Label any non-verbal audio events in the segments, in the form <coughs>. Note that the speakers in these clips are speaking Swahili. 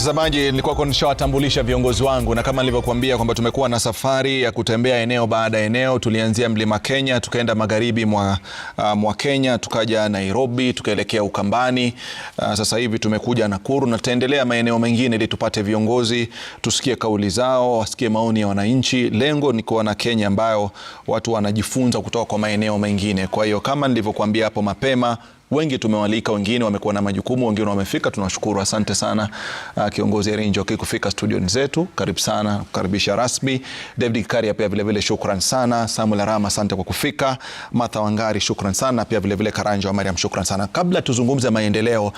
Mtazamaji, nilikuwa nishawatambulisha viongozi wangu, na kama nilivyokuambia kwamba tumekuwa na safari ya kutembea eneo baada ya eneo. Tulianzia mlima Kenya, tukaenda magharibi mwa, uh, mwa Kenya, tukaja Nairobi, tukaelekea Ukambani. Uh, sasa hivi tumekuja Nakuru na tutaendelea maeneo mengine ili tupate viongozi, tusikie kauli zao, wasikie maoni ya wananchi. Lengo ni kuwa na Kenya ambayo watu wanajifunza kutoka kwa maeneo mengine. Kwa hiyo kama nilivyokuambia hapo mapema wengi tumewalika, wengine wamekuwa na majukumu, wengine wamefika. Tunawashukuru, asante sana uh, kiongozi Irene Njoki kufika studio zetu, karibu sana, kukaribisha rasmi. David Karia pia vile vile shukran sana, Samuel Arama asante kwa kufika, Martha Wangari shukran sana, pia vile vile Karanja wa Mariam shukran sana. Kabla tuzungumze maendeleo, uh,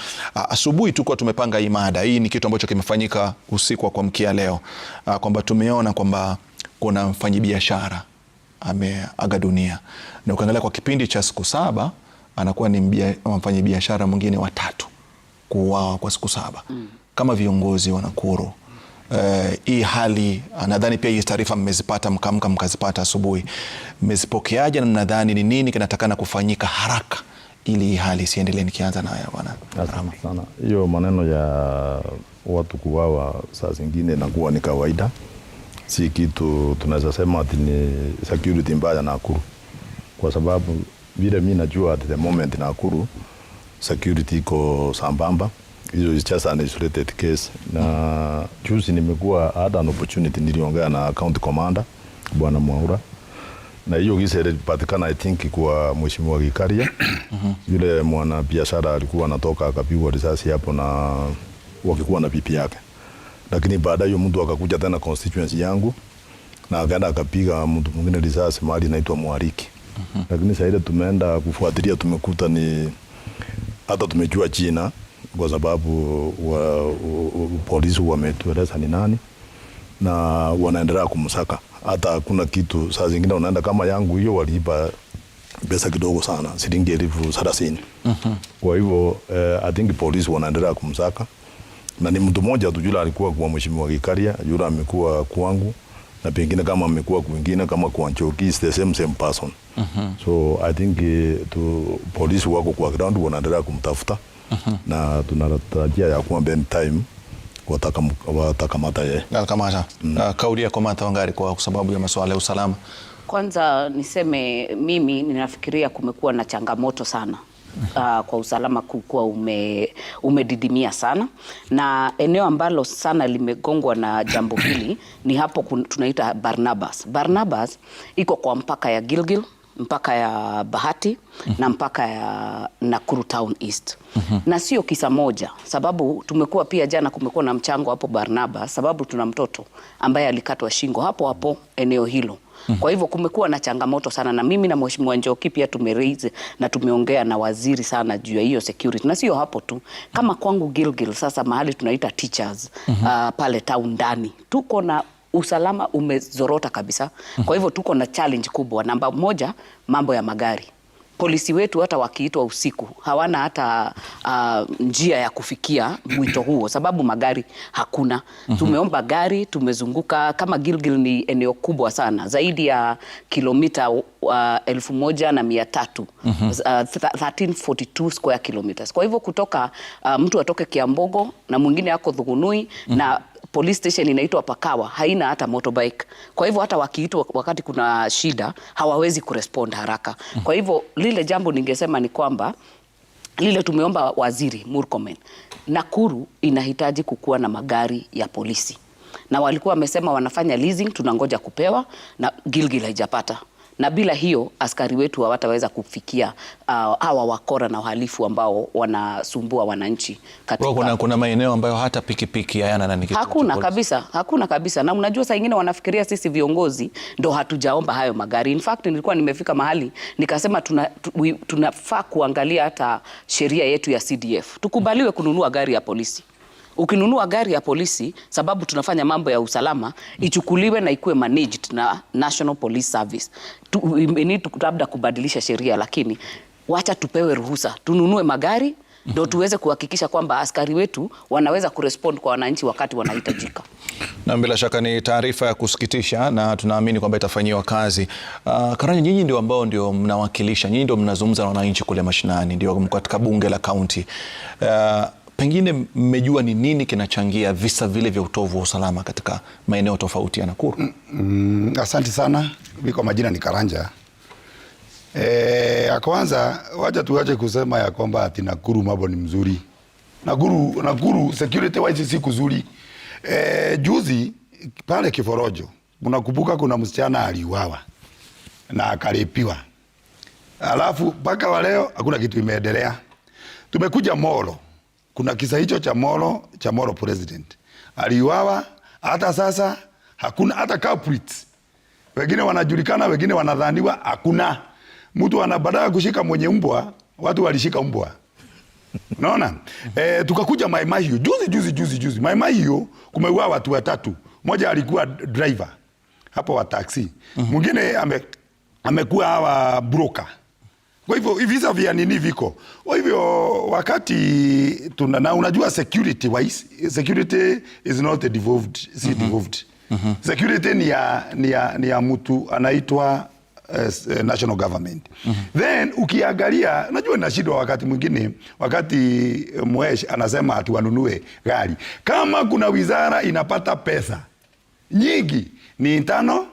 asubuhi tuko tumepanga hii mada. Hii ni kitu ambacho kimefanyika usiku wa kuamkia leo uh, kwamba tumeona kwamba kuna mfanyibiashara ameaga dunia na ukiangalia kwa kipindi cha siku saba anakuwa ni mfanyabiashara mwingine watatu kuuawa kwa siku saba mm. kama viongozi wa Nakuru Uh, hii hali ah, nadhani pia hii taarifa mmezipata mkamka mkazipata asubuhi, mmezipokeaje na mnadhani ni nini kinatakana kufanyika haraka ili hii hali isiendelee? Nikianza naye bwana Rama. Sana hiyo maneno ya watu kuwawa saa zingine nakuwa ni kawaida, si kitu tunaweza sema ati ni security mbaya Nakuru, kwa sababu vile mi najua at the moment Nakuru security iko sambamba, hizo is just an isolated case. Na juzi nimekuwa hata an opportunity, niliongea na county commander bwana Mwaura na hiyo kisa ilipatikana I think kwa mheshimiwa Gikaria <coughs> yule mwana biashara alikuwa anatoka akapigwa risasi hapo na wakikuwa na pipi yake, lakini baada hiyo mtu akakuja tena constituency yangu na akaenda akapiga mtu mwingine risasi mahali inaitwa Mwariki. -hmm. Lakini saa ile tumeenda kufuatilia, tumekuta ni hata tumejua jina kwa sababu wa, polisi wametueleza ni nani na wanaendelea kumsaka. Hata hakuna kitu, saa zingine unaenda kama yangu hiyo, waliipa pesa kidogo sana, shilingi elfu thelathini. Kwa hivyo eh, I think polisi wanaendelea kumsaka na ni mtu mmoja tu, yule alikuwa kwa mheshimiwa Kikaria, yule amekuwa kwangu na pengine kama mmekuwa kwingine kama Kwanchoki is the same same person. uh -huh. So I think eh, to polisi wako kwa ground wanaendelea kumtafuta uh -huh. na tunatarajia ya kwamba in time watakamata yeye. Kamata. Mm. Kauli ya kamata Wangari kwa sababu ya masuala ya usalama. Kwanza niseme mimi ninafikiria kumekuwa na changamoto sana uh, kwa usalama kukuwa ume, umedidimia sana, na eneo ambalo sana limegongwa na jambo <coughs> hili ni hapo tunaita Barnabas. Barnabas iko kwa mpaka ya Gilgil mpaka ya Bahati mm -hmm. na mpaka ya Nakuru Town East mm -hmm. na sio kisa moja, sababu tumekuwa pia jana, kumekuwa na mchango hapo Barnaba, sababu tuna mtoto ambaye alikatwa shingo hapo hapo eneo hilo. Mm-hmm. Kwa hivyo kumekuwa na changamoto sana, na mimi na Mheshimiwa Njoki pia tumeraise na tumeongea na waziri sana juu ya hiyo security, na sio hapo tu, kama kwangu Gilgil sasa mahali tunaita teachers mm -hmm. uh, pale town ndani tuko na usalama umezorota kabisa. Mm-hmm. Kwa hivyo tuko na challenge kubwa, namba moja, mambo ya magari polisi wetu hata wakiitwa usiku hawana hata uh, njia ya kufikia mwito huo, sababu magari hakuna. Mhm. Tumeomba gari, tumezunguka. Kama Gilgil ni eneo kubwa sana, zaidi ya kilomita uh, elfu moja na mia tatu uh, mhm. ah, 1342 square kilometers. Kwa hivyo kutoka uh, mtu atoke Kiambogo na mwingine ako Dhugunui mhm. na police station inaitwa Pakawa haina hata motorbike. Kwa hivyo hata wakiitwa wakati kuna shida hawawezi kurespond haraka. Kwa hivyo lile jambo ningesema ni kwamba lile tumeomba waziri Murkomen, Nakuru inahitaji kukuwa na magari ya polisi, na walikuwa wamesema wanafanya leasing, tunangoja kupewa, na Gilgil haijapata na bila hiyo askari wetu hawataweza kufikia uh, hawa wakora na uhalifu ambao wanasumbua wananchi katika... kuna, kuna maeneo ambayo hata pikipiki hayana nani kitu hakuna kabisa, hakuna kabisa. Na mnajua saa ingine wanafikiria sisi viongozi ndo hatujaomba hayo magari. In fact nilikuwa nimefika mahali nikasema tunafaa tuna, tunafaa kuangalia hata sheria yetu ya CDF tukubaliwe kununua gari ya polisi Ukinunua gari ya polisi sababu tunafanya mambo ya usalama, ichukuliwe na ikuwe managed na National Police Service. Labda kubadilisha sheria, lakini wacha tupewe ruhusa tununue magari ndo tuweze kuhakikisha kwamba askari wetu wanaweza kurespond kwa wananchi wakati wanahitajika. <coughs> Na bila shaka ni taarifa ya kusikitisha na tunaamini kwamba itafanyiwa kazi. Uh, ah, Karanja, nyinyi ndio ambao ndio mnawakilisha, nyinyi ndio mnazungumza na wananchi kule mashinani, ndio katika bunge la kaunti uh, pengine mmejua ni nini kinachangia visa vile vya utovu wa usalama katika maeneo tofauti ya Nakuru? mm, mm, asante sana. Mi kwa majina ni Karanja. E, ya kwanza wacha tuache kusema ya kwamba ati Nakuru mambo ni mzuri. Nakuru, Nakuru security wise si kuzuri. E, juzi pale Kiforojo unakumbuka kuna msichana aliuawa na akaripiwa, alafu mpaka wa leo hakuna kitu imeendelea. Tumekuja Molo kuna kisa hicho cha Moro, cha Moro president aliuawa, hata sasa hakuna hata culprit. Wengine wanajulikana, wengine wanadhaniwa, hakuna mtu anabadala kushika mwenye mbwa, watu walishika mbwa Unaona? <laughs> e, tukakuja Mai Mahiu juzi juzi juzi juzi. Mai Mahiu kumeuawa watu watatu. moja alikuwa driver hapo wa taxi. Mm-hmm. Mwingine ame amekuwa hawa broker. Kwa hivyo visa vya nini viko. Kwa hivyo wakati tuna na unajua security wise, security is not devolved, si mm -hmm. devolved. Mm -hmm. Security ni ya, ni ya, ni ya mtu anaitwa uh, national government. Mm -hmm. Then ukiangalia unajua shida wakati mwingine wakati eh, Mwesh anasema ati wanunue gari. Kama kuna wizara inapata pesa nyingi ni internal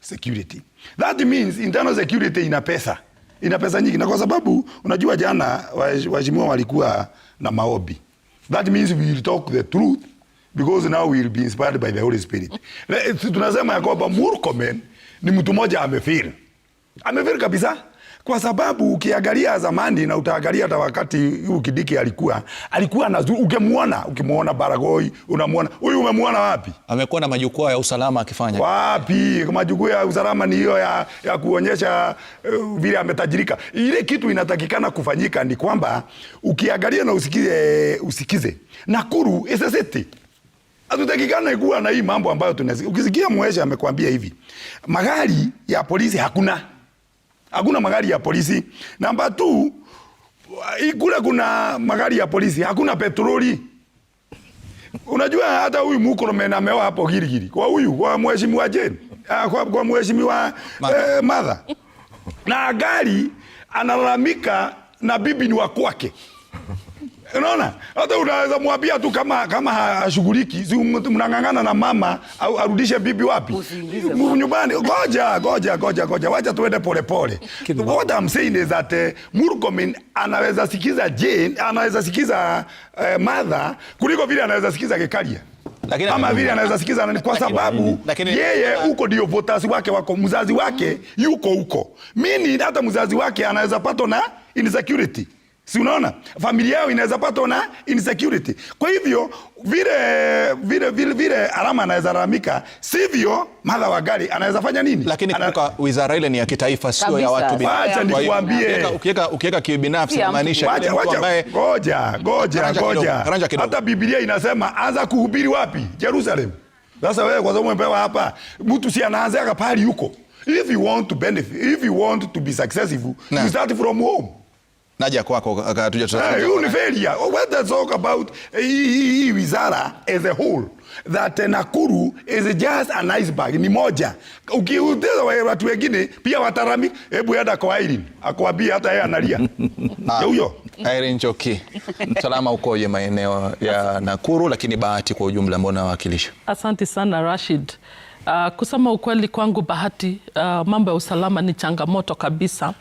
security. That means internal security ina pesa ina pesa nyingi, na kwa sababu unajua, jana waheshimiwa walikuwa na maombi. That means we will talk the truth because now we will be inspired by the Holy Spirit. Tunasema ya kwamba Murkomen ni mtu mmoja amefeel, amefeel kabisa kwa sababu ukiangalia zamani na utaangalia hata wakati huu Kidiki alikuwa alikuwa na ukimuona ukimuona Baragoi unamuona huyu, umemuona wapi? Amekuwa na majukwaa ya usalama akifanya wapi? Majukwaa ya usalama ni hiyo ya, ya kuonyesha uh, vile ametajirika. Ile kitu inatakikana kufanyika ni kwamba ukiangalia na usikize, usikize Nakuru is a city hatutakikana kuwa na hii mambo ambayo tunasikia. Ukisikia mwesha amekwambia hivi, magari ya polisi hakuna hakuna magari ya polisi. Namba tu kule kuna magari ya polisi, hakuna petroli. Unajua hata huyu Mkurrumen ameoa hapo Girigiri kwa huyu kwa mheshimiwa Jane ah, kwa, kwa mheshimiwa eh, Martha na gari analalamika na bibi ni wa kwake. Unaona? Hata unaweza mwambia tu kama kama hashughuliki, si mnang'ang'ana na mama au arudishe bibi wapi? Nyumbani. Goja, goja, goja, goja. Wacha tuende pole pole. What I'm saying is that eh, Murkomen anaweza sikiza Jane, anaweza sikiza uh, mother kuliko vile anaweza sikiza Gekaria. Lakini ama vile anaweza sikiza nani kwa sababu lakini, yeye huko ndio voters wake wako, mzazi wake yuko huko. Mimi hata mzazi wake anaweza patwa na insecurity. Si unaona familia yao inaweza patwa na insecurity. Kwa hivyo vile vile vile, vile alama anaweza lalamika, sivyo madha wa gari anaweza fanya nini? Lakini Ana... kumbuka wizara ile ni ya kitaifa, sio ya watu binafsi. Acha nikuambie, ukiweka ukiweka kibinafsi inamaanisha acha ambaye ngoja ngoja ngoja, hata Biblia inasema anza kuhubiri wapi? Jerusalem. Sasa wewe kwa sababu umepewa hapa, mtu si anaanza pale yuko. If you want to benefit, if you want to be successful, you start from home. Naja kwako tuja uh, eh, ni failure oh, well, let's talk about hii wizara as a whole that Nakuru is just an iceberg ni moja. Ukiuliza watu wengine pia watarami, hebu enda kwa Irene akwambia hata yeye analia <laughs> ah, huyo. Irene Salama uko ukoje maeneo ya Nakuru lakini bahati kwa ujumla mbona nawakilisha? Asante sana Rashid. Uh, kusema ukweli kwangu bahati, uh, mambo ya usalama ni changamoto kabisa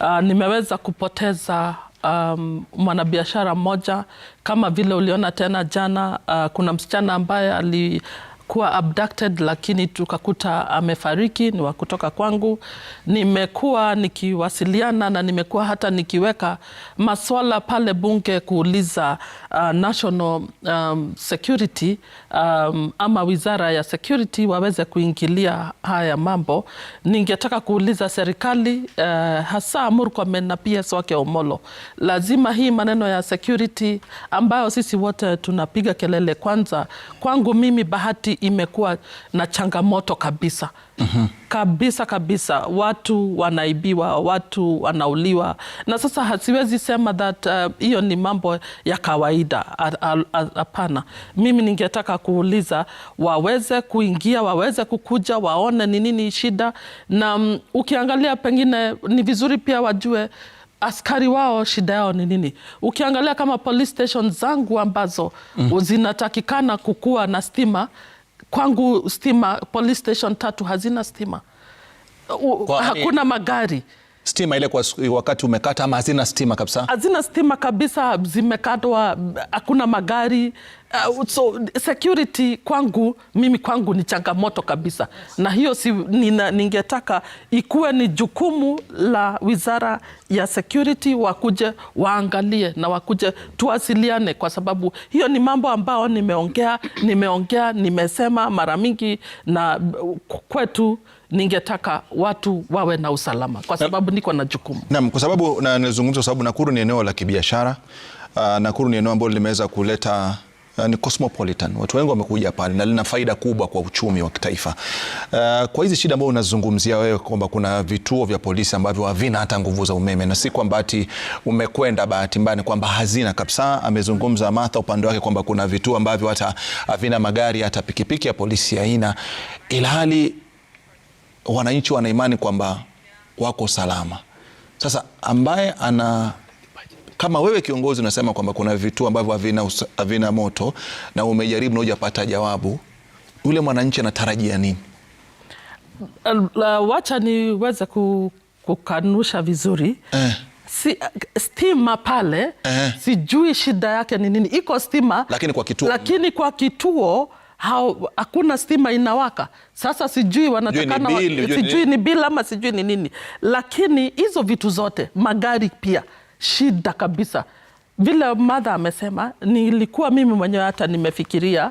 uh, nimeweza kupoteza um, mwanabiashara mmoja kama vile uliona tena jana. Uh, kuna msichana ambaye ali kuwa abducted, lakini tukakuta amefariki, ni wa kutoka kwangu. Nimekuwa nikiwasiliana na nimekuwa hata nikiweka maswala pale bunge kuuliza uh, national um, security um, ama wizara ya security waweze kuingilia haya mambo. Ningetaka kuuliza serikali uh, hasa Murkomen na PS wake Omolo, lazima hii maneno ya security ambayo sisi wote tunapiga kelele, kwanza kwangu mimi bahati imekuwa na changamoto kabisa -hmm. Kabisa kabisa, watu wanaibiwa, watu wanauliwa, na sasa hasiwezi sema that uh, hiyo uh, ni mambo ya kawaida hapana. Mimi ningetaka kuuliza waweze kuingia, waweze kukuja, waone ni nini shida, na um, ukiangalia pengine ni vizuri pia wajue askari wao shida yao ni nini? Ukiangalia kama police station zangu ambazo mm -hmm. zinatakikana kukuwa na stima kwangu stima, police station tatu hazina stima, hakuna magari stima ile kwa wakati umekata ama hazina stima kabisa? Hazina stima kabisa, zimekatwa, hakuna magari. Uh, so security kwangu mimi kwangu ni changamoto kabisa, na hiyo si, nina, ningetaka ikuwe ni jukumu la wizara ya security, wakuje waangalie na wakuje tuwasiliane, kwa sababu hiyo ni mambo ambayo nimeongea nimeongea nimesema mara mingi na kwetu ningetaka watu wawe na usalama kwa sababu niko na jukumu. Naam, kwa sababu na nilizungumza, kwa sababu Nakuru ni eneo la kibiashara. Uh, Nakuru ni eneo ambalo limeweza kuleta uh, ni cosmopolitan, watu wengi wamekuja pale na lina faida kubwa kwa uchumi wa kitaifa. Uh, kwa hizi shida ambazo unazungumzia wewe kwamba kuna vituo vya polisi ambavyo havina hata nguvu za umeme, na si kwamba ati umekwenda bahati mbaya, ni kwamba hazina kabisa. Amezungumza Martha upande wake kwamba kuna vituo ambavyo hata havina magari hata pikipiki ya polisi haina, ilhali wananchi wana imani kwamba wako salama. Sasa ambaye ana kama wewe kiongozi unasema kwamba kuna vituo ambavyo havina havina moto na umejaribu na hujapata jawabu, yule mwananchi anatarajia nini? Uh, wacha niweze kukanusha vizuri eh. Si, stima pale eh. Sijui shida yake ni nini, iko stima lakini kwa kituo, lakini kwa kituo hao, hakuna stima inawaka. Sasa sijui wanatakana sijui ni bili ama sijui ni nini, lakini hizo vitu zote, magari pia shida kabisa vile madha amesema, nilikuwa mimi mwenyewe hata nimefikiria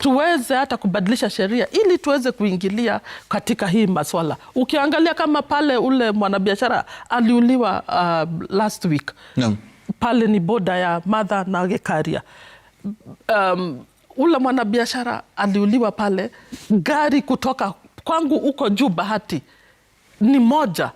tuweze hata kubadilisha sheria ili tuweze kuingilia katika hii maswala. Ukiangalia kama pale ule mwanabiashara aliuliwa uh, last week no. pale ni boda ya madha na Gekaria um, ule mwanabiashara aliuliwa pale, gari kutoka kwangu huko juu bahati ni moja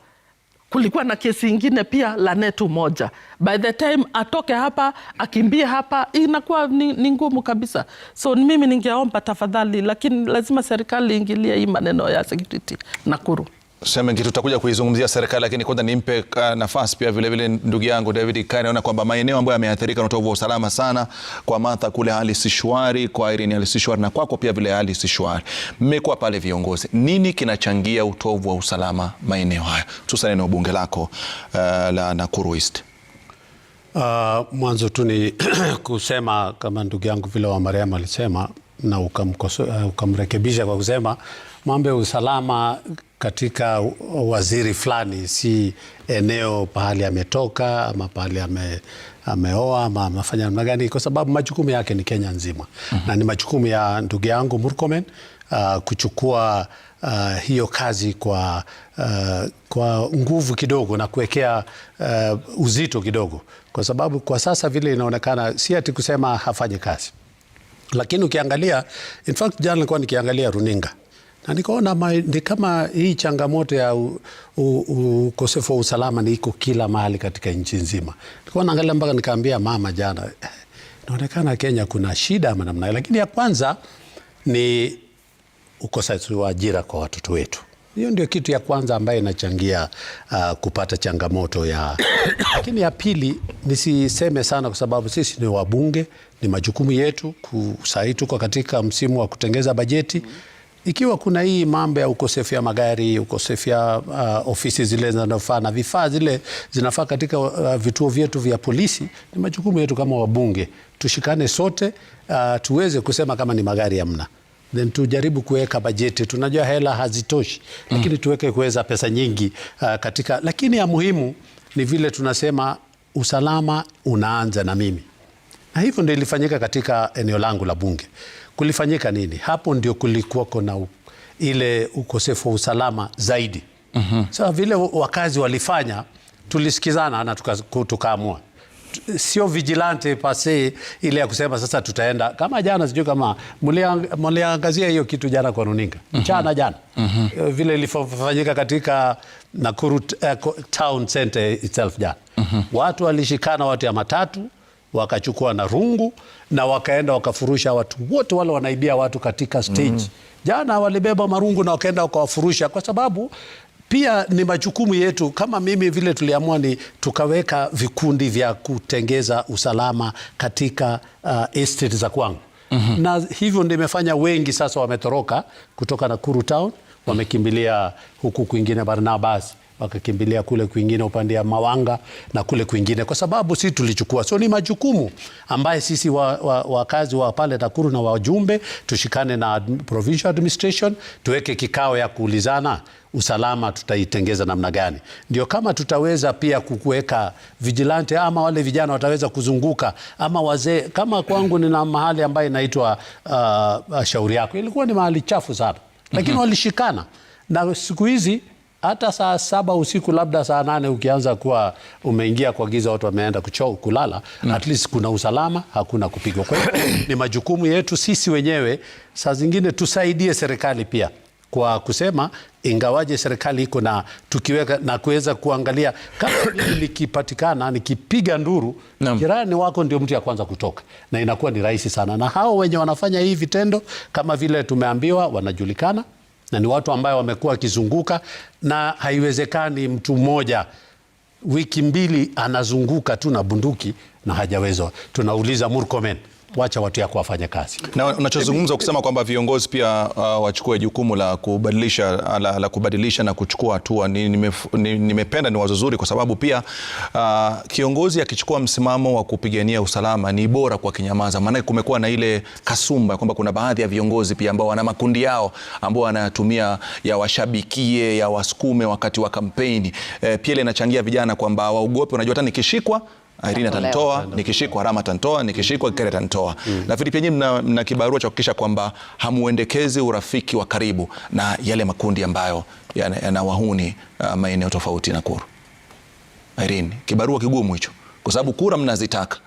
kulikuwa na kesi ingine pia la netu moja. By the time atoke hapa akimbie hapa, inakuwa ni ngumu kabisa. So mimi ningeomba tafadhali, lakini lazima serikali ingilie hii maneno ya security Nakuru. Semengi, tutakuja kuizungumzia serikali, lakini kwanza nimpe uh, nafasi pia vile vile ndugu yangu David Kani. Naona kwamba maeneo ambayo yameathirika na utovu wa usalama sana, kwa Martha kule hali si shwari, kwa Irene hali si shwari, na kwako pia vile hali si shwari. Mmekuwa pale viongozi, nini kinachangia utovu wa usalama maeneo haya, hususan eneo bunge lako uh, la Nakuru East? Uh, mwanzo tu ni <clears throat> kusema kama ndugu yangu vile wa Mariam alisema na eh, ukamrekebisha kwa kusema mambo ya usalama katika waziri fulani si eneo pahali ametoka ama pahali ame, ameoa ama amefanya namna gani, kwa sababu majukumu yake ni Kenya nzima mm -hmm. na ni majukumu ya ndugu yangu Murkomen uh, kuchukua uh, hiyo kazi kwa, uh, kwa nguvu kidogo na kuwekea uh, uzito kidogo, kwa sababu kwa sasa vile inaonekana si ati kusema hafanyi kazi lakini ukiangalia, in fact jana nilikuwa nikiangalia runinga na nikaona ni kama hii changamoto ya ukosefu wa usalama ni iko kila mahali katika nchi nzima. Nilikuwa naangalia mpaka nikaambia mama jana, eh, inaonekana Kenya kuna shida ama namna. hiyo. Lakini ya kwanza ni ukosefu wa ajira kwa watoto wetu. Hiyo ndio kitu ya kwanza ambayo inachangia uh, kupata changamoto ya <coughs> lakini ya pili nisiseme sana, kwa sababu sisi ni wabunge ni majukumu yetu. Sahii tuko katika msimu wa kutengeza bajeti, ikiwa kuna hii mambo ya ukosefu ya magari, ukosefu ya uh, ofisi zile zinazofaa na vifaa zile zinafaa katika uh, vituo vyetu vya polisi, ni majukumu yetu kama wabunge, tushikane sote uh, tuweze kusema kama ni magari hamna Then tujaribu kuweka bajeti. Tunajua hela hazitoshi, lakini mm. tuweke kuweza pesa nyingi uh, katika, lakini ya muhimu ni vile tunasema usalama unaanza na mimi. Na hivyo ndio ilifanyika katika eneo langu la bunge. Kulifanyika nini? Hapo ndio kulikuwa kuna ile ukosefu wa usalama zaidi. mm -hmm. Sasa vile wakazi walifanya, tulisikizana na tukaamua sio vigilante pase ile ya kusema sasa tutaenda kama jana. Sijui kama mliangazia hiyo kitu jana kwa runinga mchana. mm -hmm. jana mm -hmm. vile ilifanyika katika Nakuru uh, town center itself jana. mm -hmm. watu walishikana, watu ya matatu wakachukua na rungu na wakaenda wakafurusha watu wote wale wanaibia watu katika stage mm. Jana walibeba marungu na wakaenda wakawafurusha, kwa sababu pia ni majukumu yetu. Kama mimi vile tuliamua ni tukaweka vikundi vya kutengeza usalama katika uh, estate za kwangu mm -hmm. na hivyo nimefanya wengi sasa wametoroka kutoka Nakuru town, wamekimbilia huku kwingine Barnabas wakakimbilia kule kwingine upande ya Mawanga na kule kwingine, kwa sababu sisi tulichukua. So ni majukumu ambaye sisi wakazi wa, wa, wa pale Nakuru na wajumbe tushikane na provincial administration, tuweke kikao ya kuulizana usalama tutaitengeza namna gani, ndio kama tutaweza pia kukuweka vigilante, ama wale vijana wataweza kuzunguka, ama wazee. Kama kwangu nina mahali ambayo inaitwa uh, shauri yako, ilikuwa ni mahali chafu sana, lakini mm -hmm. walishikana na siku hizi hata saa saba usiku labda saa nane ukianza kuwa umeingia kwa giza, watu wameenda kucho kulala na, mm. at least kuna usalama, hakuna kupigwa. Kwa hiyo <coughs> ni majukumu yetu sisi wenyewe, saa zingine tusaidie serikali pia kwa kusema ingawaje serikali iko na tukiweka na kuweza kuangalia kama <coughs> mimi nikipatikana nikipiga nduru Jirani wako ndio mtu ya kwanza kutoka, na inakuwa ni rahisi sana, na hao wenye wanafanya hii vitendo kama vile tumeambiwa wanajulikana na ni watu ambayo wamekuwa wakizunguka, na haiwezekani mtu mmoja wiki mbili anazunguka tu na bunduki na hajawezwa. Tunauliza Murkomen wacha watu yako wafanye kazi. Na unachozungumza kusema kwamba viongozi pia uh, wachukue jukumu la kubadilisha, la, la kubadilisha na kuchukua hatua nimependa, ni, ni wazo zuri kwa sababu pia uh, kiongozi akichukua msimamo wa kupigania usalama ni bora kwa kinyamaza, maanake kumekuwa na ile kasumba kwamba kuna baadhi ya viongozi pia ambao wana makundi yao ambao wanatumia ya washabikie ya wasukume wakati wa kampeni eh, pia ile inachangia vijana kwamba waogope, unajua hata nikishikwa Irene atanitoa, nikishikwa Rama atanitoa, nikishikwa Kikere atanitoa. Mm. Nafikiri nyinyi mna, mna kibarua cha kuhakikisha kwamba hamuendekezi urafiki wa karibu na yale makundi ambayo yanawahuni yana uh, maeneo tofauti Nakuru. Irene, kibarua kigumu hicho kwa sababu kura mnazitaka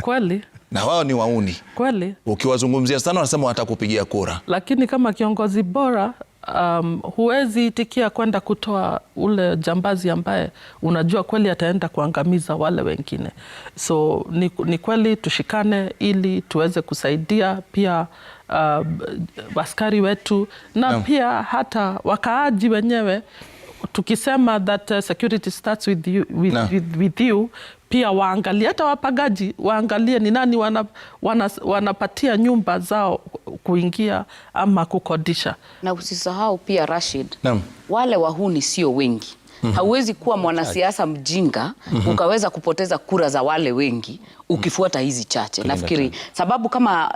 kweli, na wao ni wauni kweli. Ukiwazungumzia sana wanasema watakupigia kura, lakini kama kiongozi bora um, huwezi itikia kwenda kutoa ule jambazi ambaye unajua kweli ataenda kuangamiza wale wengine. So ni, ni kweli tushikane ili tuweze kusaidia pia uh, askari wetu na no. pia hata wakaaji wenyewe tukisema that uh, security starts with you, with, no. with, with you pia waangalie, hata wapagaji waangalie ni nani wanapatia wana, wana nyumba zao kuingia ama kukodisha. Na usisahau pia Rashid, Naam. wale wahuni sio wengi Mm -hmm. Hauwezi kuwa mwanasiasa mjinga mm -hmm. ukaweza kupoteza kura za wale wengi ukifuata hizi chache. Nafikiri sababu kama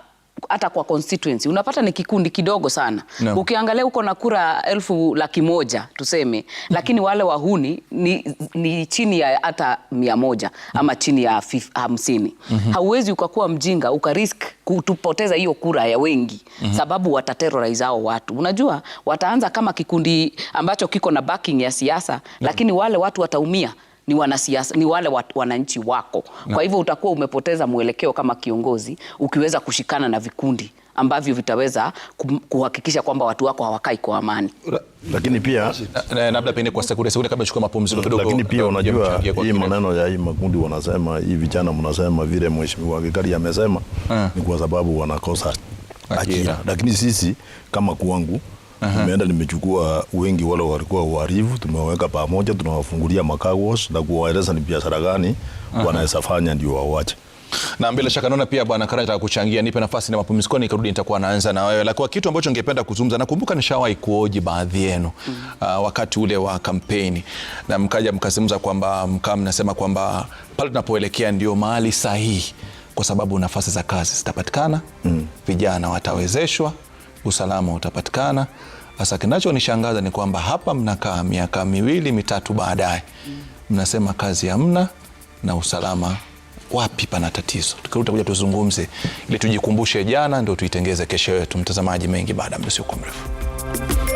hata kwa constituency unapata ni kikundi kidogo sana no. Ukiangalia huko na kura elfu laki moja tuseme, <laughs> lakini wale wahuni ni, ni chini ya hata mia moja ama chini ya hamsini mm -hmm. Hauwezi ukakuwa mjinga ukarisk kutupoteza hiyo kura ya wengi mm -hmm. Sababu wataterrorize hao watu, unajua wataanza kama kikundi ambacho kiko na backing ya siasa no. Lakini wale watu wataumia ni wanasiasa, ni wale wat, wananchi wako. Kwa hivyo utakuwa umepoteza mwelekeo kama kiongozi ukiweza kushikana na vikundi ambavyo vitaweza kuhakikisha kwamba watu wako hawakai kwa amani. Lakini pia labda pengine kwa sekunde sekunde, kabla chukua mapumziko kidogo. Lakini pia uh, unajua, hii maneno ya hii makundi wanasema, hii vijana mnasema vile mheshimiwa Gikari amesema, ah. ni kwa sababu wanakosa ajira, lakini sisi kama kwangu Tumeenda nimechukua wengi wale walikuwa waharifu, tumeweka pamoja, tunawafungulia makagos na kuwaeleza ni biashara gani wanaweza fanya ndio wawache na bila shaka naona pia bwana Karanja kuchangia, nipe nafasi na mapumziko, nikirudi nitakuwa naanza na wewe. Lakini kitu ambacho ningependa kuzungumza, nakumbuka nishawahi kuoji baadhi yenu mm -hmm. uh, wakati ule wa kampeni na mkaja mkazungumza kwamba mkaa mnasema kwamba pale tunapoelekea ndio mahali sahihi, kwa sababu nafasi za kazi zitapatikana, mm -hmm. vijana watawezeshwa usalama utapatikana. Sasa kinachonishangaza ni kwamba hapa mnakaa miaka miwili mitatu baadaye mnasema kazi hamna na usalama wapi pana tatizo? Tukirudi kuja tuzungumze, ili tujikumbushe jana, ndio tuitengeze kesho yetu. Mtazamaji, mengi baada ya muda usio mrefu.